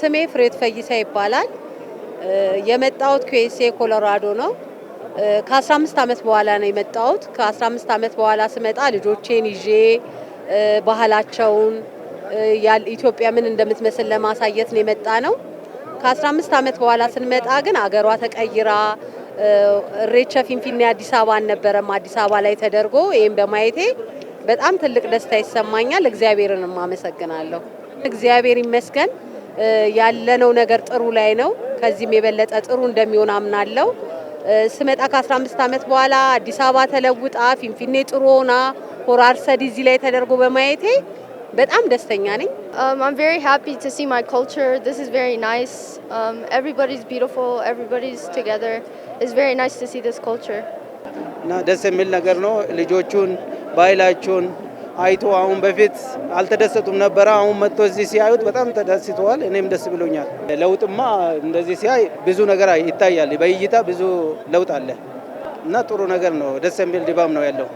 ስሜ ፍሬት ፈይሳ ይባላል። የመጣሁት ኪዩኤስኤ ኮሎራዶ ነው። ከ15 ዓመት በኋላ ነው የመጣሁት። ከ15 ዓመት በኋላ ስመጣ ልጆቼን ይዤ ባህላቸውን ኢትዮጵያ ምን እንደምትመስል ለማሳየት ነው የመጣ ነው። ከ15 ዓመት በኋላ ስንመጣ ግን አገሯ ተቀይራ እሬቻ ፊንፊኔ አዲስ አበባ አልነበረም። አዲስ አበባ ላይ ተደርጎ ይህም በማየቴ በጣም ትልቅ ደስታ ይሰማኛል። እግዚአብሔርንም አመሰግናለሁ። እግዚአብሔር ይመስገን። ያለነው ነገር ጥሩ ላይ ነው። ከዚህም የበለጠ ጥሩ እንደሚሆን አምናለሁ። ስመጣ ከ15 ዓመት በኋላ አዲስ አበባ ተለውጣ ፊንፊኔ ጥሩ ሆና ሆራ አርሰዲ እዚህ ላይ ተደርጎ በማየቴ በጣም ደስተኛ ነኝ። um, I'm very happy to see my culture. This is very nice. Um, everybody's beautiful. Everybody's together. It's very nice to see this culture. እና ደስ የሚል ነገር ነው። ልጆቹን ባህላችሁን አይቶ አሁን በፊት አልተደሰቱም ነበረ። አሁን መጥቶ እዚህ ሲያዩት በጣም ተደስተዋል። እኔም ደስ ብሎኛል። ለውጥማ እንደዚህ ሲያይ ብዙ ነገር ይታያል። በእይታ ብዙ ለውጥ አለ እና ጥሩ ነገር ነው። ደስ የሚል ድባብ ነው ያለው።